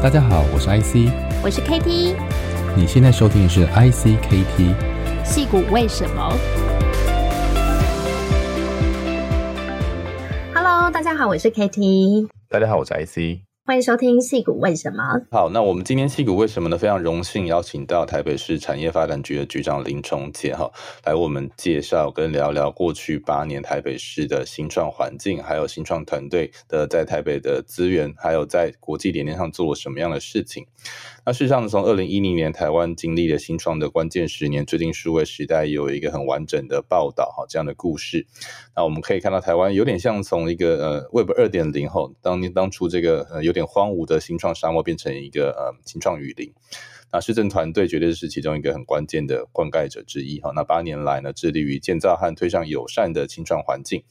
大家好，我是 IC，我是 KT。你現在收聽的是 IC KT，矽谷為什麼？Hello，大家好，我是 KT。大家好，我是 IC。歡迎收聽《矽谷為什麼》。好，那我們今天《矽谷為什麼》呢？非常榮幸邀請到台北市產業發展局的局長林崇杰哈，來我們介紹跟聊聊過去八年台北市的新創環境，還有新創團隊的在台北的資源，還有在國際聯線上做了什麼樣的事情。那事實上從，從二零一零年台灣經歷了新創的關鍵十年，最近數位時代有一個很完整的報道哈，這樣的故事。那我們可以看到，台灣有點像從一個呃 Web 二點零後當年當初這個呃有點。荒蕪的新創沙漠變成一個呃、嗯、新創雨林，那市政團隊絕對是其中一個很關鍵的灌溉者之一哈。那八年來呢，致力於建造和推展友善的新創環境。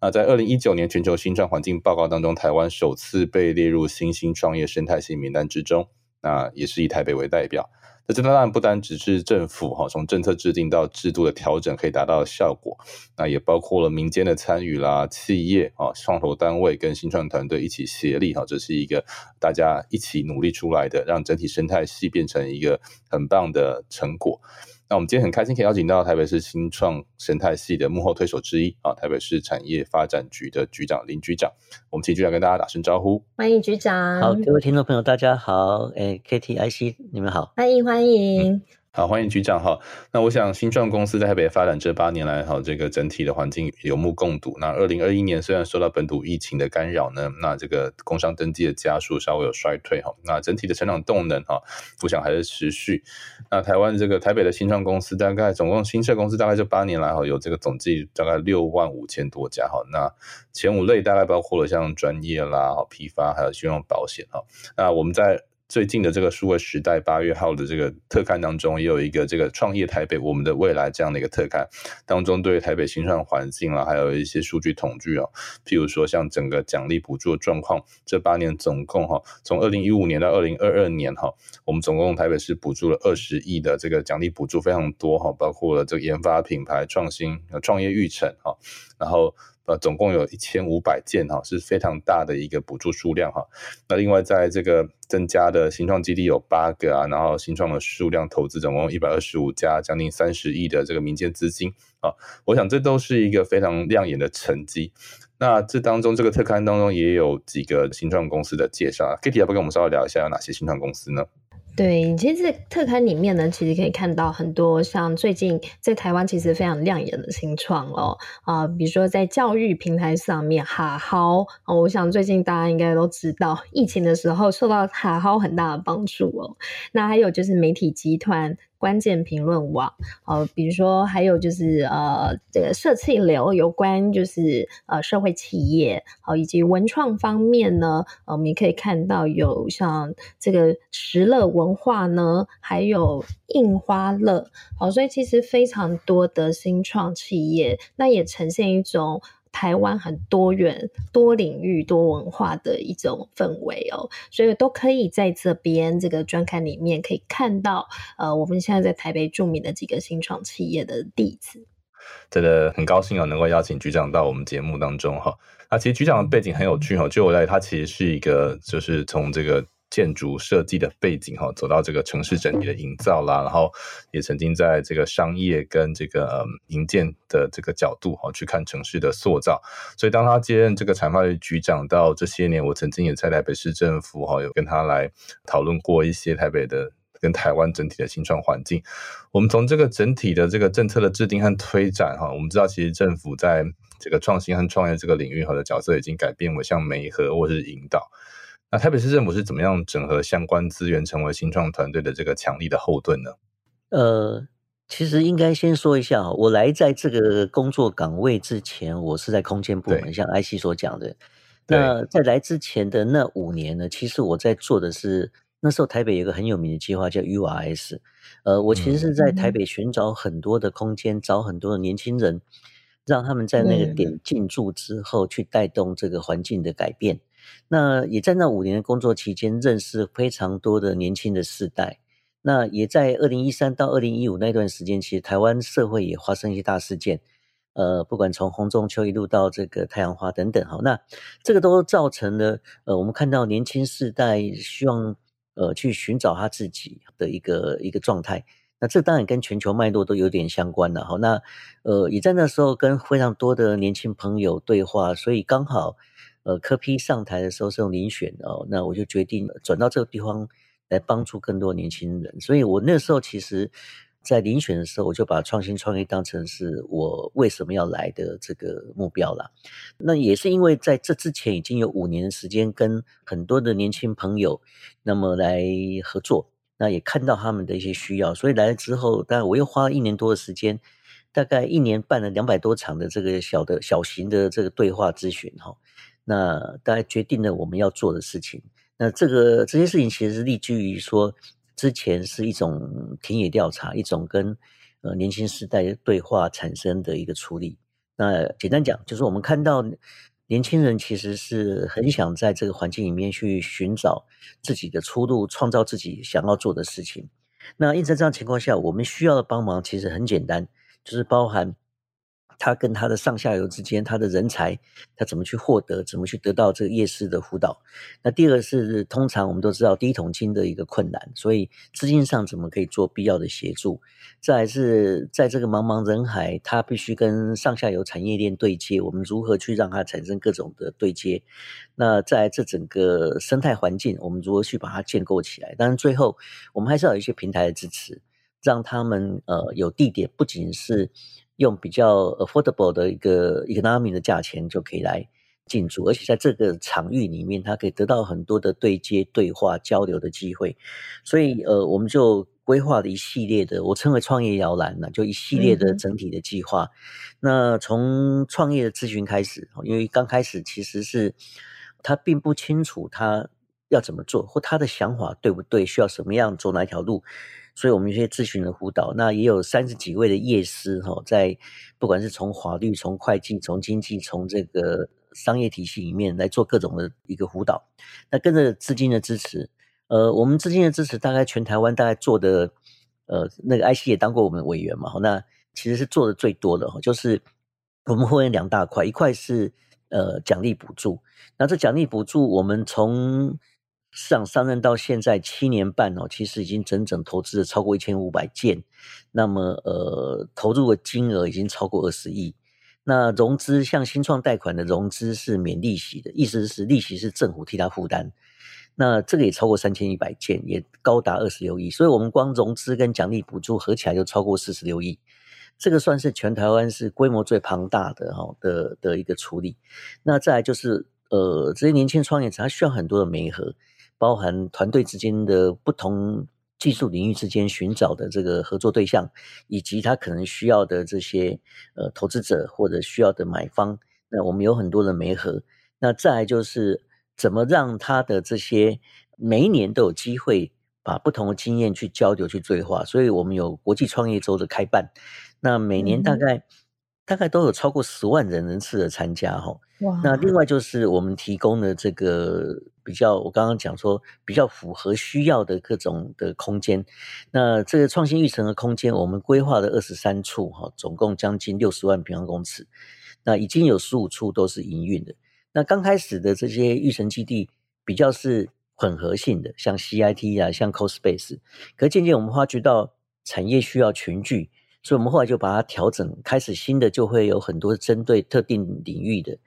那在二零一九年全球新創環境報告當中，台灣首次被列入新興創業生態系名單之中。那也是以台北為代表。這當然不單只是政府哈，從政策制定到制度的調整可以達到的效果，那也包括了民間的參與啦，企業啊，創投單位跟新創團隊一起協力哈，這是一個大家一起努力出來的，讓整體生態系變成一個很棒的成果。那我們今天很開心可以邀請到台北市新創生態系的幕後推手之一啊，台北市產業發展局的局長林局長，我們請局長跟大家打聲招呼，歡迎局長。好，各位聽眾朋友，大家好，哎，欸，K T I C，你們好，歡迎歡迎。歡迎，嗯好，歡迎局長好，那我想新創公司在台北發展這八年來哈，這個整體的環境有目共睹。那二零二一年雖然受到本土疫情的干擾呢，那這個工商登記的家數稍微有衰退哈。那整體的成長動能哈，我想還是持續。那台灣這個台北的新創公司大概總共新設公司大概這八年來哈，有這個總計大概六萬五千多家哈。那前五類大概包括了像專業啦、批發還有信用保險哈。那我們在最近的這個數位時代八月號的這個特刊當中，也有一個這個創業台北我們的未來這樣的一個特刊當中，對於台北新創環境啊，還有一些數據統計啊，譬如說像整個獎勵補助的狀況，這八年總共哈、啊，從二零一五年到二零二二年哈、啊，我們總共台北市補助了二十億的這個獎勵補助，非常多哈、啊，包括了這個研發品牌創新創業育成哈，然後。呃，總共有一千五百件哈，是非常大的一個補助數量哈。那另外，在這個增加的新創基地有八個啊，然後新創的數量投資總共有一百二十五家，將近三十億的這個民間資金啊。我想這都是一個非常亮眼的成績。那這當中，這個特刊當中也有幾個新創公司的介紹啊。KT 要不跟我們稍微聊一下有哪些新創公司呢？對，其實特刊裡面呢，其實可以看到很多像最近在台灣其實非常亮眼的新創哦，啊、呃，比如說在教育平台上面，哈好、哦，我想最近大家應該都知道，疫情的時候受到哈好很大的幫助哦。那還有就是媒體集團。關鍵評論網，哦，比如說還有就是呃，這個社企流有關就是呃，社會企業，好，以及文創方面呢，呃，我們也可以看到有像這個石樂文化呢，還有印花樂，好，所以其實非常多的新創企業，那也呈現一種。台灣很多元、多領域、多文化的一種氛圍哦、喔，所以都可以在這邊這個專刊裡面可以看到。呃，我們現在在台北著名的幾個新創企業的地址，真的很高興哦、喔，能夠邀請局長到我們節目當中哈、喔。那其實局長的背景很有趣哦、喔，就我在他其實是一個，就是從這個。建築設計的背景哈，走到這個城市整體的營造啦，然後也曾經在這個商業跟這個嗯、營建的這個角度哈，去看城市的塑造。所以當他接任這個產業發展局局長到這些年，我曾經也在台北市政府哈，有跟他來討論過一些台北的跟台灣整體的新創環境。我們從這個整體的這個政策的制定和推展哈，我們知道其實政府在這個創新和創業這個領域和的角色已經改變我像媒合或是引導。那、啊、台北市政府是怎麼樣整合相關資源，成為新創團隊的這個強力的後盾呢？呃，其實應該先說一下，我來在這個工作崗位之前，我是在空間部門，對像 IC 所講的。對那在來之前的那五年呢，其實我在做的是，那時候台北有一個很有名的計劃叫 URS。呃，我其實是在台北尋找很多的空間，嗯、找很多的年輕人，讓他們在那個點進駐之後，對對對去帶動這個環境的改變。那也在那五年的工作期間，認識非常多的年輕的世代。那也在二零一三到二零一五那段時間，其實台灣社會也發生一些大事件。呃，不管從洪仲丘一路到這個太陽花等等，好，那這個都造成了呃，我們看到年輕世代希望呃去尋找他自己的一個一個狀態。那這當然跟全球脈絡都有點相關了，好。那呃，也在那時候跟非常多的年輕朋友對話，所以剛好。呃，柯 P 上台的時候是用遴選哦，那我就決定轉到這個地方來幫助更多年輕人。所以我那時候其實，在遴選的時候，我就把創新創業當成是我為什麼要來的這個目標了。那也是因為在這之前已經有五年的時間跟很多的年輕朋友那麼來合作，那也看到他們的一些需要，所以來了之後，但我又花了一年多的時間，大概一年辦了兩百多場的這個小的、小型的這個對話諮詢哈、哦。那大概決定了我們要做的事情。那這個這些事情其實是立基於說，之前是一種田野調查，一種跟呃年輕世代對話產生的一個處理。那簡單講，就是我們看到年輕人其實是很想在這個環境裡面去尋找自己的出路，創造自己想要做的事情。那因此，這樣情況下，我們需要的幫忙其實很簡單，就是包含。他跟他的上下游之間，他的人才他怎麼去獲得，怎麼去得到這個業師的輔導？那第二是，通常我們都知道第一桶金的一個困難，所以資金上怎麼可以做必要的協助？再來是，在這個茫茫人海，他必須跟上下游產業鏈對接，我們如何去讓它產生各種的對接？那在這整個生態環境，我們如何去把它建構起來？當然，最後我們還是要有一些平台的支持，讓他們呃有地點，不僅是。用比較 affordable 的一個 economy 的價錢就可以來進駐，而且在這個場域裡面，他可以得到很多的對接、對話、交流的機會。所以，呃，我們就規劃了一系列的，我稱為創業搖籃了，啊，就一系列的整體的計劃。那從創業的諮詢開始，因為剛開始其實是他並不清楚他要怎麼做，或他的想法對不對，需要什麼樣走哪一條路。所以，我們有些諮詢的輔導，那也有三十幾位的業師哈，在不管是從法律、從會計、從經濟、從這個商業體系裡面來做各種的一個輔導。那跟着資金的支持，呃，我們資金的支持大概全台灣大概做的，呃，那個 IC 也當過我們的委員嘛，那其實是做的最多的哈，就是我們會有兩大塊，一塊是呃獎勵補助，那這獎勵補助我們從市長上任到現在七年半哦，其實已經整整投資了超過一千五百件，那麼呃，投入的金額已經超過二十億。那融資像新創貸款的融資是免利息的，意思是利息是政府替他負擔。那這個也超過三千一百件，也高達二十六億，所以我們光融資跟獎勵補助合起來就超過四十六億，這個算是全台灣是規模最龐大的哈、哦、的的一個處理。那再來就是呃，這些年輕創業者他需要很多的媒合。包含團隊之間的不同技術領域之間尋找的這個合作對象，以及他可能需要的這些、呃、投資者或者需要的買方。那我們有很多的媒合。那再來就是怎麼讓他的這些每一年都有機會把不同的經驗去交流去追話。所以我們有國際創業週的開辦。那每年大概、嗯、大概都有超過十萬人人次的參加、哦、哇那另外就是我們提供的這個。比較，我剛剛講說比較符合需要的各種的空間，那這個創新育成的空間，我們規劃的二十三處哈，總共將近六十萬平方公尺，那已經有十五處都是營運的。那剛開始的這些育成基地比較是混合性的，像 CIT 啊，像 CoSpace，可是漸漸我們發覺到產業需要群聚，所以我們後來就把它調整，開始新的就會有很多針對特定領域的。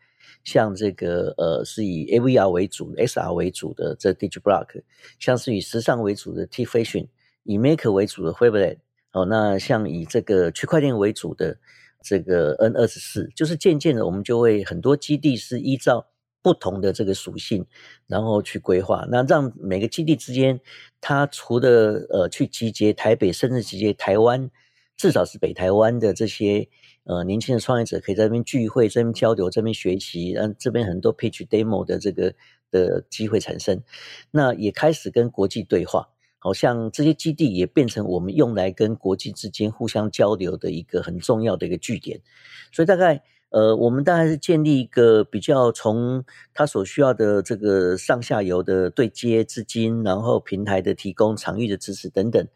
像這個呃是以 A V R 為主，S R 為主的這個 Digi Block，像是以時尚為主的 T Fashion，以 Maker 為主的 Fablab 哦，那像以這個區塊鏈為主的這個 N 二十四，就是漸漸的我們就會很多基地是依照不同的這個屬性，然後去規劃，那讓每個基地之間，它除了呃去集結台北，甚至集結台灣，至少是北台灣的這些。呃，年輕的創業者可以在這邊聚會、這邊交流、這邊學習，讓、啊、這邊很多 pitch demo 的這個的機會產生。那也開始跟國際對話，好像這些基地也變成我們用來跟國際之間互相交流的一個很重要的一個據點。所以大概呃，我們大概是建立一個比較從他所需要的這個上下游的對接、資金，然後平台的提供、場域的支持等等，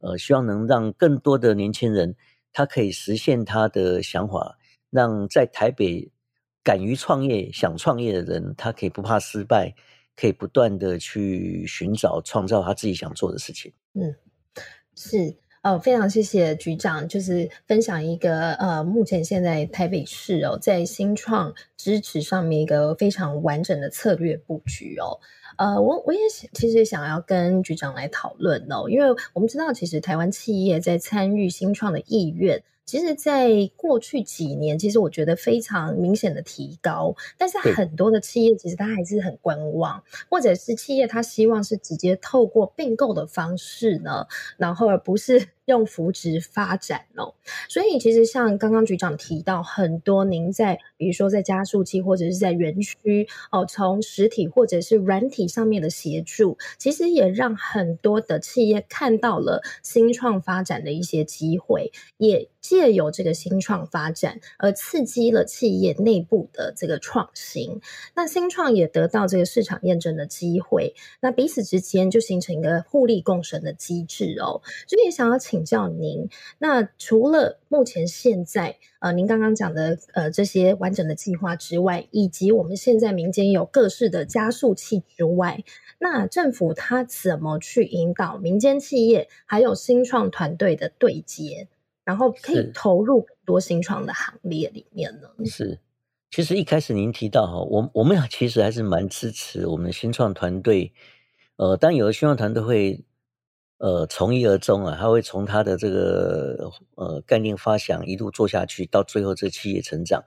呃，希望能讓更多的年輕人。他可以實現他的想法，讓在台北敢於創業、想創業的人，他可以不怕失敗，可以不斷的去尋找、創造他自己想做的事情。嗯，是哦，非常謝謝局長，就是分享一個呃，目前現在台北市哦，在新創支持上面一個非常完整的策略布局哦。呃，我我也想，其實想要跟局長來討論哦，因為我們知道，其實台灣企業在參與新創的意願，其實，在過去幾年，其實我覺得非常明顯的提高。但是很多的企業其實他還是很觀望，對或者是企業他希望是直接透過併購的方式呢，然後而不是。用扶植發展哦，所以其實像剛剛局長提到，很多您在，比如說在加速器或者是在園區哦，從實體或者是軟體上面的協助，其實也讓很多的企業看到了新創發展的一些機會，也借由這個新創發展而刺激了企業內部的這個創新。那新創也得到這個市場驗證的機會，那彼此之間就形成一個互利共生的機制哦。所以想要請。請教您，那除了目前現在呃，您剛剛講的呃這些完整的計劃之外，以及我們現在民間有各式的加速器之外，那政府它怎麼去引導民間企業還有新創團隊的對接，然後可以投入多新創的行列裡面呢？是，是，其實一開始您提到哈，我我們其實還是蠻支持我們的新創團隊，呃，但有的新創團隊會。呃，從一而終啊，他會從他的這個呃概念發想，一路做下去，到最後這企業成長。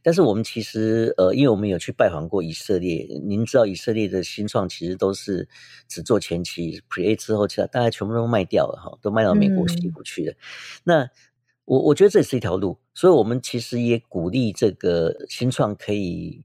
但是我們其實呃，因為我們有去拜訪過以色列，您知道以色列的新創其實都是只做前期 pre A 之後，其他大概全部都賣掉了哈，都賣到美國西部去了。嗯、那我我覺得這是一條路，所以我們其實也鼓勵這個新創可以。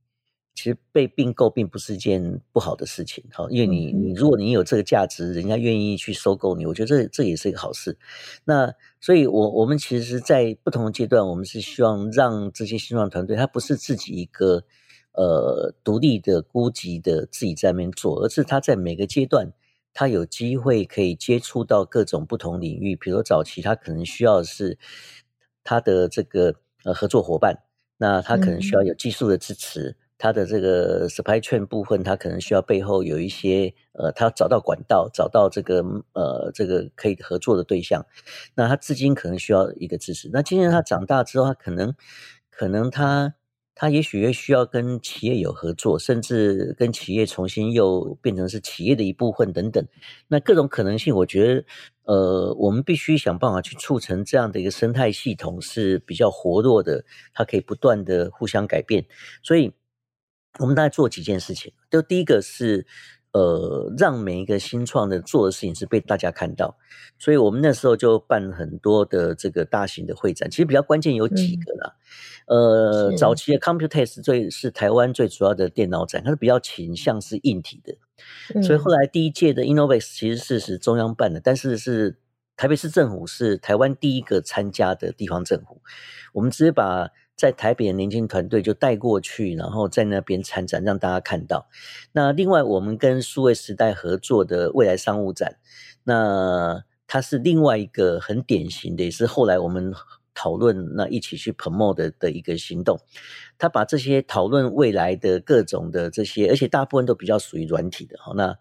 其實被併購並不是一件不好的事情，好，因為你你如果你有這個價值，人家願意去收購你，我覺得這這也是一個好事。那所以我，我我們其實，在不同的階段，我們是希望讓這些新創團隊，他不是自己一個呃獨立的孤寂的自己在那邊做，而是他在每個階段，他有機會可以接觸到各種不同領域。比如早期，他可能需要的是他的這個呃合作夥伴，那他可能需要有技術的支持。嗯它的這個 supply chain 部分，它可能需要背後有一些呃，它找到管道，找到這個呃，這個可以合作的對象。那它至今可能需要一個支持。那今天它長大之後，它可能可能它它也許也需要跟企業有合作，甚至跟企業重新又變成是企業的一部分等等。那各種可能性，我覺得呃，我們必須想辦法去促成這樣的一個生態系統是比較活絡的，它可以不斷的互相改變，所以。我們大概做幾件事情，就第一個是，呃，讓每一個新創的做的事情是被大家看到，所以我們那時候就辦很多的這個大型的會展。其實比較關鍵有幾個啦，嗯、呃，是早期的 Computex 最是台灣最主要的電腦展，它是比較傾向是硬體的，嗯、所以後來第一屆的 Innovex 其實是是中央辦的，但是是台北市政府是台灣第一個參加的地方政府，我們直接把。在台北的年輕團隊就帶過去，然後在那邊參展，讓大家看到。那另外，我們跟數位時代合作的未來商務展，那它是另外一個很典型的，也是後來我們討論那一起去 promote 的的一個行動。他把這些討論未來的各種的這些，而且大部分都比較屬於軟體的哈。那是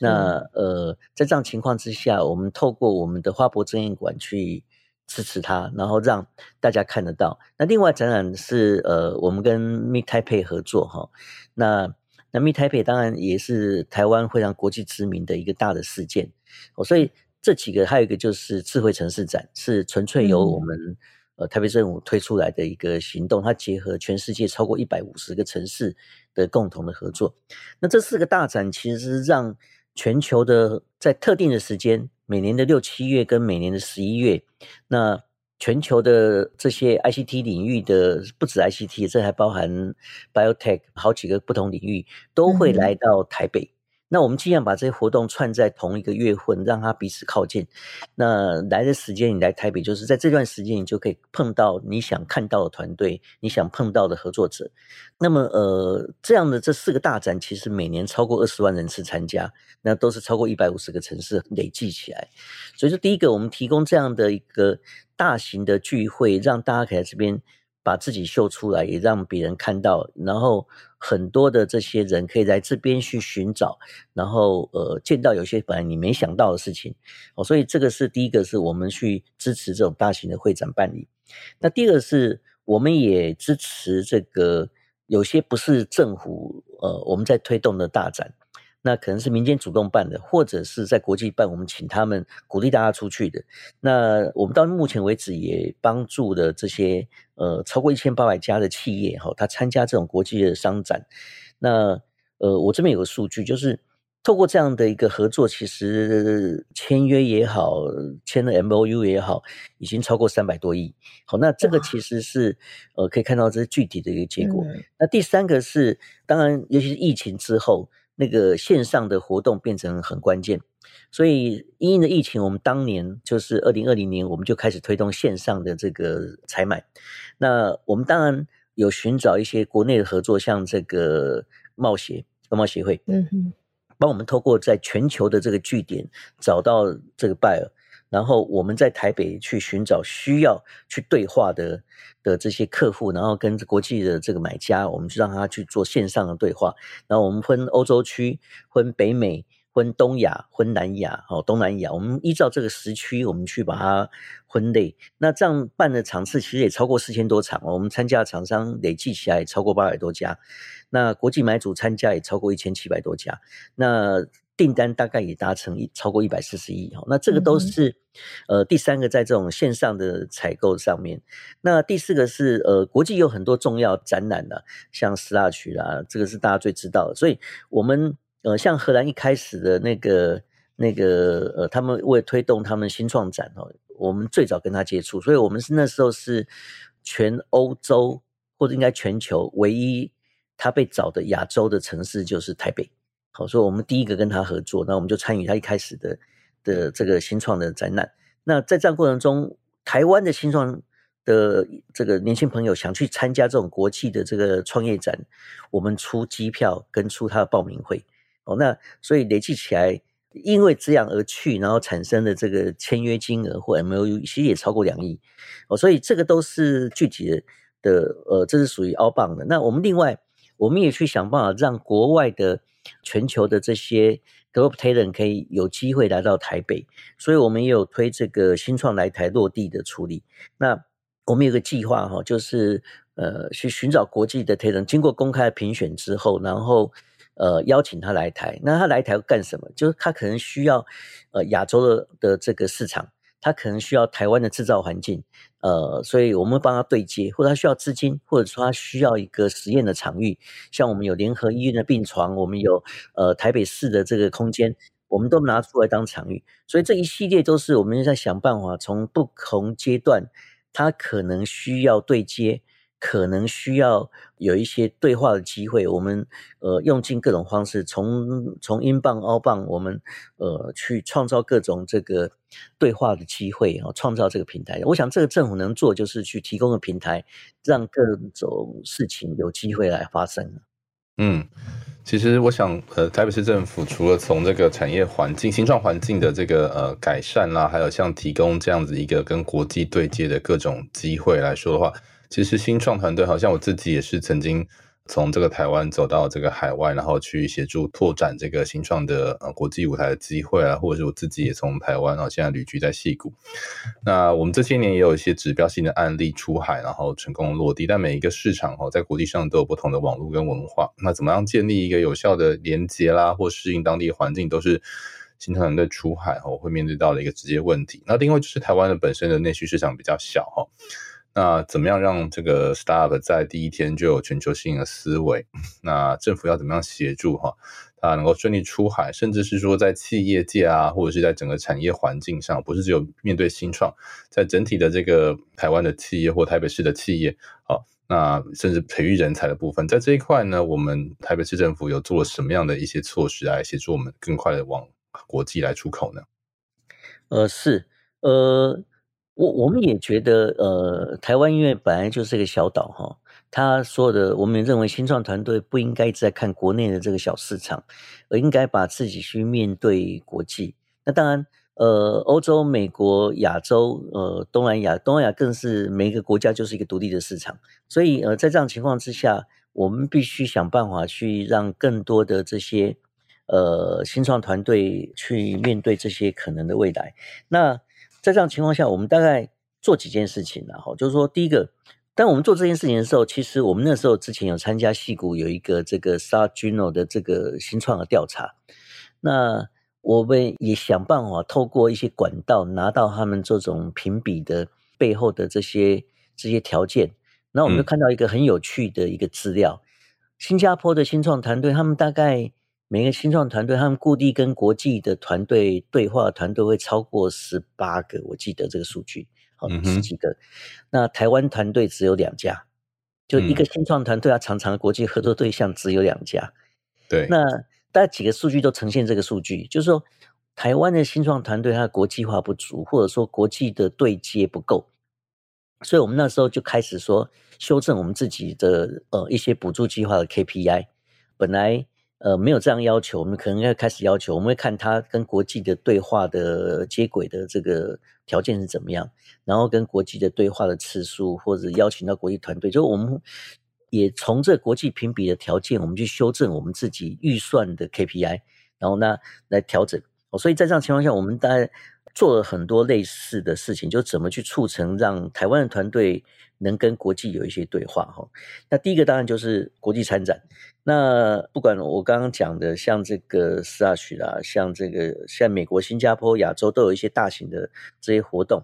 那呃，在這樣情況之下，我們透過我們的花博爭艷館去支持他，然後讓大家看得到。那另外展覽是呃，我們跟 Meet Taipei 合作哈、哦。那那 Meet Taipei 當然也是台灣非常國際知名的一個大的事件。哦，所以這幾個還有一個就是智慧城市展，是純粹由我們、嗯、呃台北政府推出來的一個行動，它結合全世界超過一百五十個城市的共同的合作。那這四個大展其實是讓。全球的在特定的時間，每年的六七月跟每年的十一月，那全球的這些 ICT 領域的，不止 ICT，這還包含 biotech 好幾個不同領域，都會來到台北。嗯那我們儘量把這些活動串在同一個月份，讓它彼此靠近。那來的時間，你來台北，就是在這段時間，你就可以碰到你想看到的團隊，你想碰到的合作者。那麼，呃，這樣的這四個大展，其實每年超過二十萬人次參加，那都是超過一百五十個城市累計起來。所以說，第一個，我們提供這樣的一個大型的聚會，讓大家可以在這邊。把自己秀出來，也讓別人看到，然後很多的這些人可以來這邊去尋找，然後呃，見到有些本來你沒想到的事情，哦，所以這個是第一個，是我們去支持這種大型的會展辦理。那第二個是，我們也支持這個有些不是政府呃我們在推動的大展，那可能是民間主動辦的，或者是在國際辦，我們請他們鼓勵大家出去的。那我們到目前為止也幫助了這些。呃，超過一千八百家的企業哈，他參加這種國際的商展，那呃，我這邊有個數據，就是透過這樣的一個合作，其實簽約也好，簽了 MOU 也好，已經超過三百多億。好，那這個其實是哇呃，可以看到這是具體的一個結果。嗯、那第三個是，當然，尤其是疫情之後。那個線上的活動變成很關鍵，所以因應的疫情，我們當年就是二零二零年，我們就開始推動線上的這個採買。那我們當然有尋找一些國內的合作，像這個貿協、外貿協會，嗯哼，幫我們透過在全球的這個據點找到這個 buyer。然後我們在台北去尋找需要去對話的的這些客戶，然後跟國際的這個買家，我們就讓他去做線上的對話。然後我們分歐洲區、分北美、分東亞、分南亞、好、哦，東南亞，我們依照這個時區，我們去把它分類。那這樣辦的場次其實也超過四千多場，我們參加的廠商累計起來也超過八百多家，那國際買主參加也超過一千七百多家。那訂單大概也達成一超過一百四十億哦，那這個都是，嗯嗯呃，第三個在這種線上的採購上面，那第四個是呃，國際有很多重要展覽啊，像 Slush 啦，這個是大家最知道的，所以我們呃，像荷蘭一開始的那個那個呃，他們為推動他們新創展哦，我們最早跟他接觸，所以我們是那時候是全歐洲或者應該全球唯一他被找的亞洲的城市就是台北。好，所以我們第一個跟他合作，那我們就參與他一開始的的這個新創的展覽。那在這樣過程中，台灣的新創的這個年輕朋友想去參加這種國際的這個創業展，我們出機票跟出他的報名費。哦，那所以累計起來，因為這樣而去，然後產生的這個簽約金額或 MOU，其實也超過兩億。哦，所以這個都是具體的的，呃，這是屬於 outbound 的。那我們另外，我們也去想辦法讓國外的。全球的這些 global talent 可以有機會來到台北，所以我們也有推這個新創來台落地的處理。那我們有個計劃哈，就是呃去尋找國際的 talent，經過公開的評選之後，然後呃邀請他來台。那他來台要幹什麼？就是他可能需要呃亞洲的的這個市場。他可能需要台灣的製造環境，呃，所以我們幫他對接，或者他需要資金，或者說他需要一個實驗的場域，像我們有聯合醫院的病床，我們有呃台北市的這個空間，我們都拿出來當場域，所以這一系列都是我們在想辦法，從不同階段他可能需要對接，可能需要有一些對話的機會，我們呃用盡各種方式，從從 inbound、outbound，我們呃去創造各種這個。對話的機會哦，創造這個平台。我想，這個政府能做就是去提供的平台，讓各種事情有機會來發生。嗯，其實我想，呃，台北市政府除了從這個產業環境、新創環境的這個呃改善啦、啊，還有像提供這樣子一個跟國際對接的各種機會來說的話，其實新創團隊好像我自己也是曾經。從這個台灣走到這個海外，然後去協助拓展這個新創的呃國際舞台的機會啊，或者是我自己也從台灣啊、哦，現在旅居在矽谷。那我們這些年也有一些指標性的案例出海，然後成功落地。但每一個市場哦，在國際上都有不同的網絡跟文化，那怎麼樣建立一個有效的連接啦，或適應當地的環境，都是新創團隊出海哦會面對到的一個直接問題。那另外就是台灣的本身的內需市場比較小哈、哦。那怎麼樣讓這個 startup 在第一天就有全球性的思維？那政府要怎麼樣協助哈，它能夠順利出海？甚至是說在企業界啊，或者是在整個產業環境上，不是只有面對新創，在整體的這個台灣的企業或台北市的企業好，那甚至培育人才的部分，在這一塊呢，我們台北市政府有做了什麼樣的一些措施來協助我們更快的往國際來出口呢？呃，是呃。我我們也覺得，呃，台灣因為本來就是一個小島哈、哦，他說的，我們也認為新創團隊不應該再在看國內的這個小市場，而應該把自己去面對國際。那當然，呃，歐洲、美國、亞洲，呃，東南亞，東南亞更是每一個國家就是一個獨立的市場。所以，呃，在這樣情況之下，我們必須想辦法去讓更多的這些呃新創團隊去面對這些可能的未來。那。在這樣情況下，我們大概做幾件事情，然後，就是說，第一個，當我們做這件事情的時候，其實我們那時候之前有參加矽谷有一個這個 Startup Genome 的這個新創的調查，那我們也想辦法透過一些管道拿到他們這種評比的背後的這些這些條件，然後我們就看到一個很有趣的一個資料，嗯、新加坡的新創團隊他們大概。每一個新創團隊，他們固定跟國際的團隊對話，團隊會超過十八個，我記得這個數據，好、嗯、哼十幾個。那台灣團隊只有兩家，就一個新創團隊他常常國際合作對象只有兩家。對、嗯，那大概幾個數據都呈現這個數據，就是說台灣的新創團隊它的國際化不足，或者說國際的對接不夠，所以我們那時候就開始說修正我們自己的呃一些補助計劃的 KPI，本來。呃，沒有這樣要求，我們可能要開始要求。我們會看他跟國際的對話的接軌的這個條件是怎麼樣，然後跟國際的對話的次數或者邀請到國際團隊，就我們也從這國際評比的條件，我們去修正我們自己預算的 KPI，然後呢來調整。所以在這樣情況下，我們大概，做了很多類似的事情，就怎麼去促成讓台灣的團隊能跟國際有一些對話哈。那第一個當然就是國際參展。那不管我剛剛講的，像這個 Search 啦，像這個像美國、新加坡、亞洲都有一些大型的這些活動，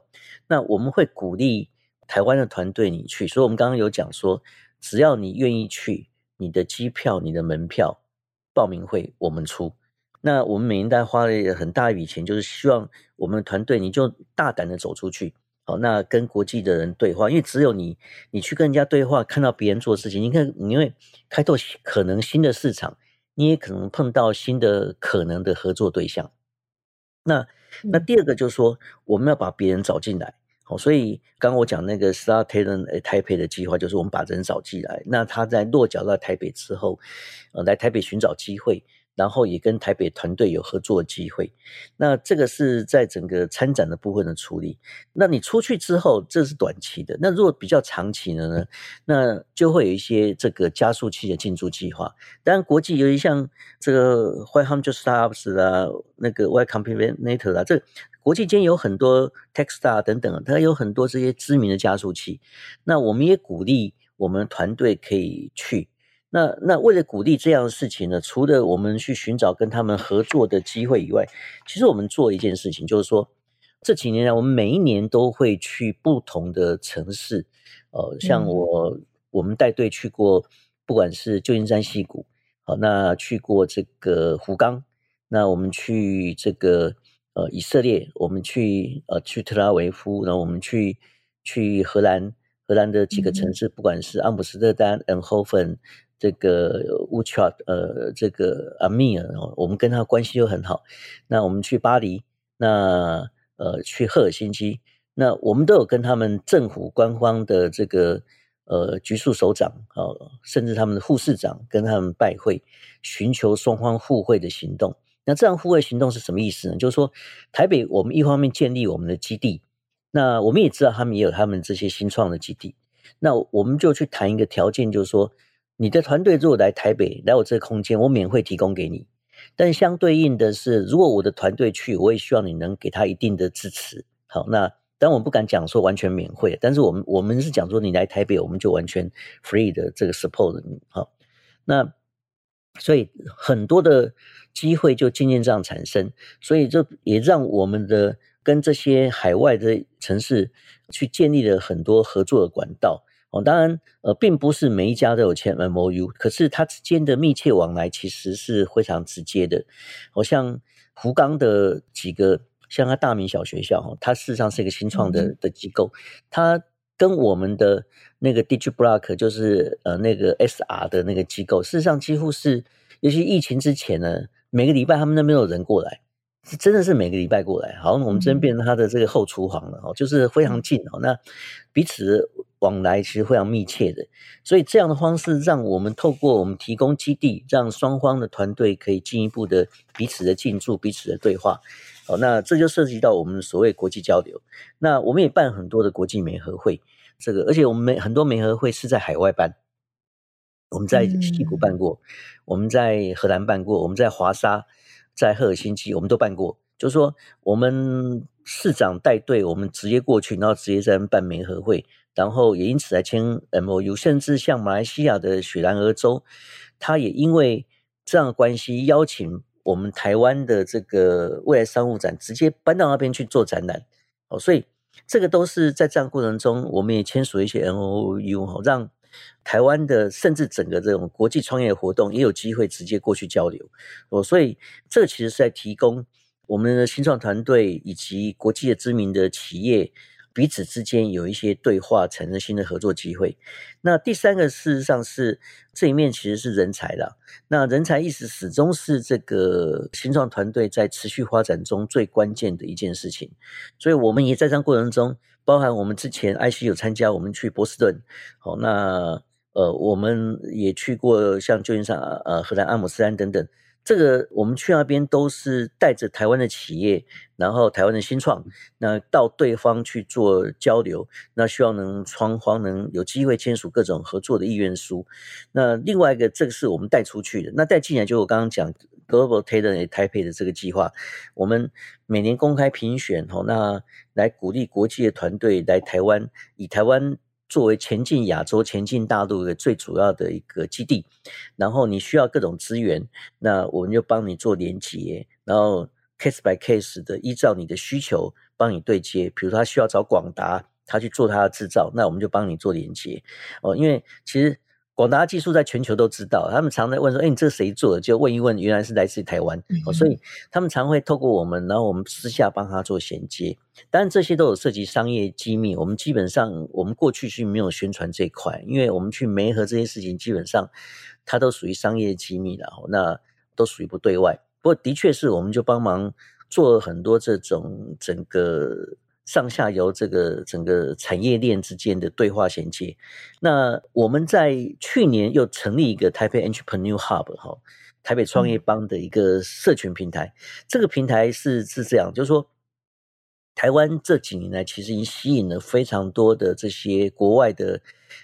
那我們會鼓勵台灣的團隊你去。所以我們剛剛有講說，只要你願意去，你的機票、你的門票、報名費我們出。那我們每一代花了很大一筆錢，就是希望我們團隊你就大膽的走出去，好、哦，那跟國際的人對話，因為只有你，你去跟人家對話，看到別人做事情，你看，你會開拓可能新的市場，你也可能碰到新的可能的合作對象。那那第二個就是說，我們要把別人找進來，好、哦，所以剛剛我講的那個 Start Talent at Taipei 的計劃，就是我們把人找進來，那他在落腳到台北之後，呃，來台北尋找機會。然後也跟台北團隊有合作的機會，那這個是在整個參展的部分的處理。那你出去之後，這是短期的。那如果比較長期的呢？那就會有一些這個加速器的進駐計劃。當然，國際尤其像這個 Y Combinator 啊，那個 Y Combinator 啊，這國際間有很多 Tech Star 等等啊，它有很多這些知名的加速器。那我們也鼓勵我們團隊可以去。那那為了鼓勵這樣的事情呢，除了我們去尋找跟他們合作的機會以外，其實我們做一件事情，就是說這幾年來，我們每一年都會去不同的城市。呃，像我，我們帶隊去過，不管是舊金山、矽谷，好，那去過這個湖岡。那我們去這個呃以色列，我們去呃去特拉維夫，那我們去去荷蘭，荷蘭的幾個城市，不管是阿姆斯特丹、恩霍芬。這個烏恰呃，這個阿米爾，我們跟他關係就很好。那我們去巴黎，那呃去赫爾辛基，那我們都有跟他們政府官方的這個呃局處首長，呃，甚至他們的副市長跟他們拜會，尋求雙方互惠的行動。那這樣互惠行動是什麼意思呢？就是說，台北我們一方面建立我們的基地，那我們也知道他們也有他們這些新創的基地，那我們就去談一個條件，就是說。你的團隊如果來台北，來我這個空間，我免費提供給你。但相對應的是，如果我的團隊去，我也希望你能給他一定的支持。好，那但我不敢講說完全免費，但是我們我們是講說你來台北，我們就完全 free 的這個 support 你。好，那所以很多的機會就漸漸這樣產生，所以這也讓我們的跟這些海外的城市去建立了很多合作的管道。哦，當然，呃，並不是每一家都有簽 MOU，可是它之間的密切往來其實是非常直接的。好、哦、像福岡的幾個，像它大名小學校、哦，它事實上是一個新創的的機構，嗯、它跟我們的那個 Digi Block，就是呃那個 SR 的那個機構，事實上幾乎是，尤其疫情之前呢，每個禮拜他們那邊有人過來，是真的是每個禮拜過來，好像我們真變成它的這個後廚房了、嗯哦，就是非常近哦，那彼此。往來其實非常密切的，所以這樣的方式讓我們透過我們提供基地，讓雙方的團隊可以進一步的彼此的進駐、彼此的對話。好，那這就涉及到我們所謂國際交流。那我們也辦很多的國際媒合會，這個而且我們很多媒合會是在海外辦，我們在矽谷辦過，嗯、我們在荷蘭辦過，我們在華沙、在赫爾辛基我們都辦過。就是說，我們市長帶隊，我們直接過去，然後直接在那辦媒合會。然後也因此來簽 MOU，甚至像馬來西亞的雪蘭莪州，他也因為這樣的關係邀請我們台灣的這個未來商務展直接搬到那邊去做展覽，哦，所以這個都是在這樣過程中，我們也簽署一些 MOU，讓台灣的甚至整個這種國際創業活動也有機會直接過去交流，哦，所以這個其實是在提供我們的新創團隊以及國際的知名的企業。彼此之間有一些對話，產生新的合作機會。那第三個，事實上是這一面其實是人才了。那人才意識始終是這個新創團隊在持續發展中最關鍵的一件事情。所以我們也在這過程中，包含我們之前 IC 有參加，我們去波士頓，好，哦，那呃我們也去過像舊金山、呃荷蘭阿姆斯特丹等等。這個我們去那邊都是帶着台灣的企業，然後台灣的新創，那到對方去做交流，那希望能雙方能有機會簽署各種合作的意願書。那另外一個，這個是我們帶出去的，那帶進來就我剛剛講 Global Talent Taipei 的這個計劃，我們每年公開評選，那來鼓勵國際的團隊來台灣，以台灣。作為前進亞洲、前進大陸的最主要的一個基地，然後你需要各種資源，那我們就幫你做連接，然後 case by case 的依照你的需求幫你對接。比如他需要找廣達，他去做他的制造，那我們就幫你做連接。哦，因為其實。廣達技術在全球都知道，他們常在問說：“誒、欸、你這誰做的？”就問一問，原來是來自台灣，嗯嗯，所以他們常會透過我們，然後我們私下幫他做銜接。當然，這些都有涉及商業機密，我們基本上我們過去是沒有宣傳這塊，因為我們去媒合這些事情，基本上它都屬於商業機密了，然後那都屬於不對外。不過，的確是我們就幫忙做了很多這種整個上下游這個整個產業鏈之間的對話銜接。那我們在去年又成立一個台北 Entrepreneur Hub 哈，台北創業幫的一個社群平台。嗯、這個平台是是這樣，就是說，台灣這幾年來其實已經吸引了非常多的這些國外的，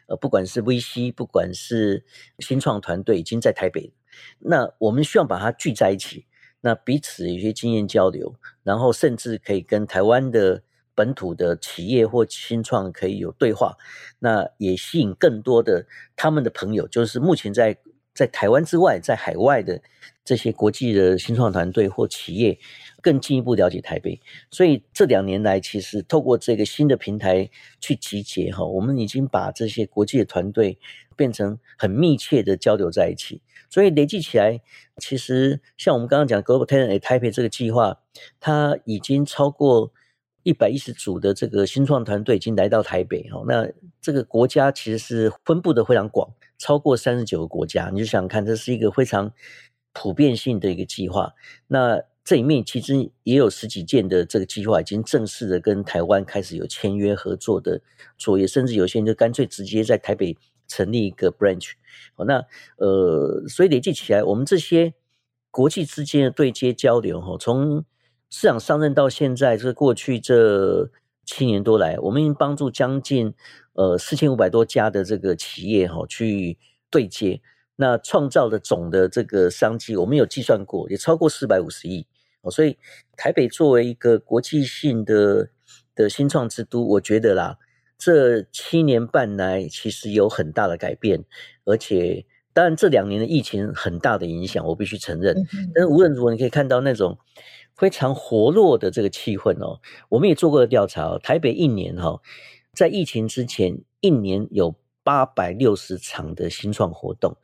呃，不管是 VC，不管是新創團隊，已經在台北。那我們需要把它聚在一起，那彼此有些經驗交流，然後甚至可以跟台灣的。本土的企業或新創可以有對話，那也吸引更多的他們的朋友，就是目前在在台灣之外，在海外的這些國際的新創團隊或企業，更進一步了解台北。所以這兩年來，其實透過這個新的平台去集結哈，我們已經把這些國際的團隊變成很密切的交流在一起。所以累積起來，其實像我們剛剛講 Global Talent at Taipei 這個計劃，它已經超過。一百一十組的這個新創團隊已經來到台北哦，那這個國家其實是分布得非常廣，超過三十九個國家。你就想想看，這是一個非常普遍性的一個計劃。那這裡面其實也有十幾件的這個計劃已經正式的跟台灣開始有簽約合作的作業，甚至有些人就乾脆直接在台北成立一個 branch。那呃，所以累積起來，我們這些國際之間的對接交流，哈，從市長上任到現在，這、就是、過去這七年多來，我們已經幫助將近呃四千五百多家的這個企業哈、哦、去對接，那創造的總的這個商機，我們有計算過，也超過四百五十億、哦、所以台北作為一個國際性的的新創之都，我覺得啦，這七年半來其實有很大的改變，而且當然這兩年的疫情很大的影響，我必須承認。嗯、哼但是無論如何，你可以看到那種。非常活絡的這個氣氛哦，我們也做過調查哦。台北一年哈、哦，在疫情之前一年有八百六十場的新創活動，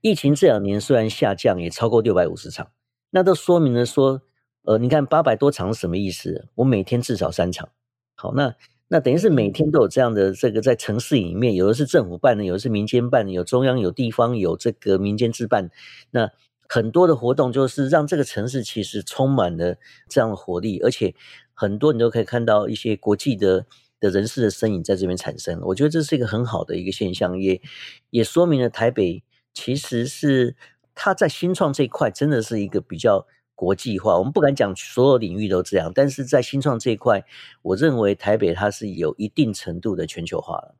疫情這兩年雖然下降，也超過六百五十場。那都說明了說，呃，你看八百多場是什麼意思啊？我每天至少三場。好，那那等於是每天都有這樣的這個在城市裡面，有的是政府辦的，有的是民間辦的，有中央有地方有這個民間自辦。那很多的活動就是讓這個城市其實充滿了這樣的活力，而且很多你都可以看到一些國際的的人士的身影在這邊產生。我覺得這是一個很好的一個現象也，也也說明了台北其實是它在新創這一塊真的是一個比較國際化。我們不敢講所有領域都這樣，但是在新創這一塊，我認為台北它是有一定程度的全球化了。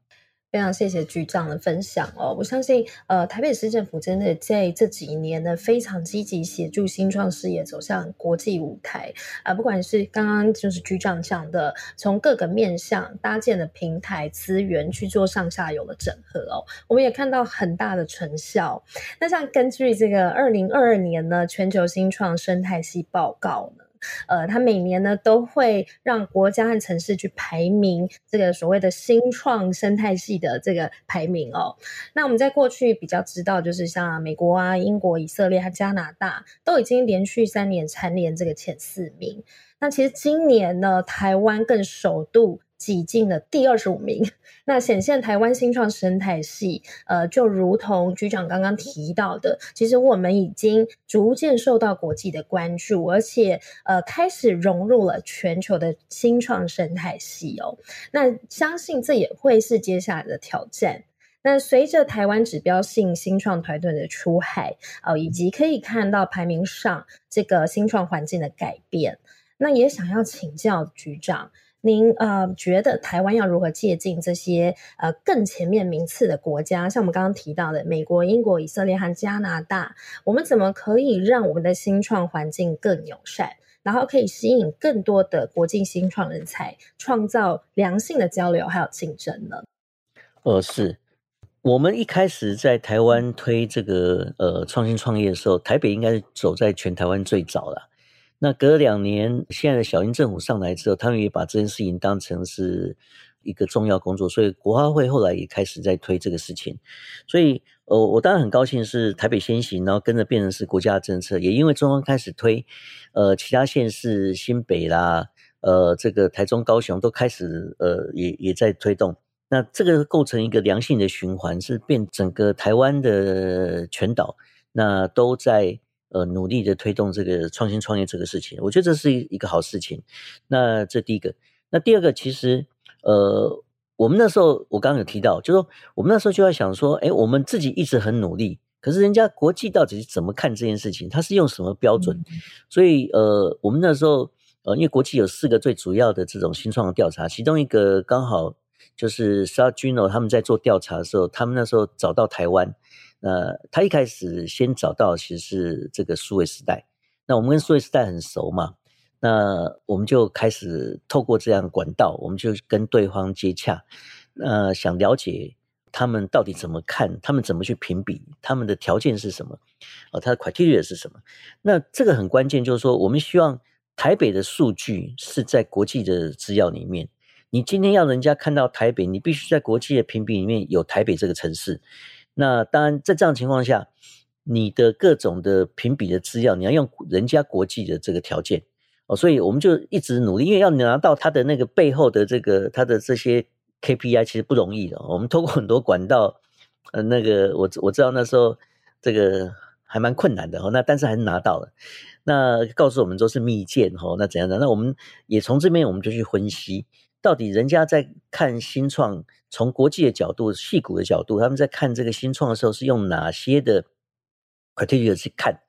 非常謝謝局長的分享哦，我相信，呃，台北市政府真的在這幾年呢，非常積極協助新創事業走向國際舞台啊，呃，不管是剛剛就是局長講的，從各個面向搭建的平台資源去做上下游的整合哦，我們也看到很大的成效。那像根據這個二零二二年呢，全球新創生態系報告呢，呃，它每年呢都會讓國家和城市去排名這個所謂的新創生態系的這個排名哦。那我們在過去比較知道，就是像啊，美國啊、英國、以色列和加拿大都已經連續三年蟬聯這個前四名。那其實今年呢，台灣更首度，擠進了第二十五名，那顯現台灣新創生態系，呃，就如同局長剛剛提到的，其實我們已經逐漸受到國際的關注，而且呃，開始融入了全球的新創生態系哦。那相信這也會是接下來的挑戰。那隨着台灣指標性新創團隊的出海，呃，以及可以看到排名上這個新創環境的改變，那也想要請教局長。您呃，覺得台灣要如何借鏡這些呃，更前面名次的國家？像我們剛剛提到的美國、英國、以色列和加拿大，我們怎麼可以讓我們的新創環境更友善，然後可以吸引更多的國際新創人才，創造良性的交流還有競爭呢？呃，是我們一開始在台灣推這個呃創新創業的時候，台北應該是走在全台灣最早的。那隔了兩年，現在的小英政府上來之後，他們也把這件事情當成是一個重要工作，所以國發會後來也開始在推這個事情。所以，呃，我當然很高興是台北先行，然後跟着變成是國家政策。也因為中央開始推，呃，其他縣市新北啦，呃，這個台中高雄都開始呃也也在推動。那這個構成一個良性的循環，是變整個台灣的全島那都在。呃，努力地推動這個創新創業這個事情，我覺得這是一個好事情。那這第一個，那第二個，其實呃，我們那時候我剛剛有提到，就說我們那時候就在想說，誒我們自己一直很努力，可是人家國際到底是怎麼看這件事情？他是用什麼標準？嗯，所以呃，我們那時候呃，因為國際有四個最主要的這種新創的調查，其中一個剛好就是 Startup Genome 他們在做調查的時候，他們那時候找到台灣。呃，他一開始先找到其實是這個數位時代，那我們跟數位時代很熟嘛，那我們就開始透過這樣的管道，我們就跟對方接洽，那、呃、想了解他們到底怎麼看，他們怎麼去評比，他們的條件是什麼？呃，他的 criteria 是什麼？那這個很關鍵，就是說我們希望台北的數據是在國際的資料裡面，你今天要人家看到台北，你必須在國際的評比裡面有台北這個城市。那當然，在這樣情況下，你的各種的評比的資料，你要用人家國際的這個條件哦，所以我們就一直努力，因為要拿到它的那個背後的這個它的這些 KPI 其實不容易的。我們透過很多管道，呃，那個我我知道那時候這個還蠻困難的哦，那但是還是拿到了。那告訴我們說是密件哦，那怎樣的？那我們也從這邊我們就去分析。到底人家在看新創，從國際的角度、矽谷的角度，他們在看這個新創的時候是用哪些的 criteria 去看？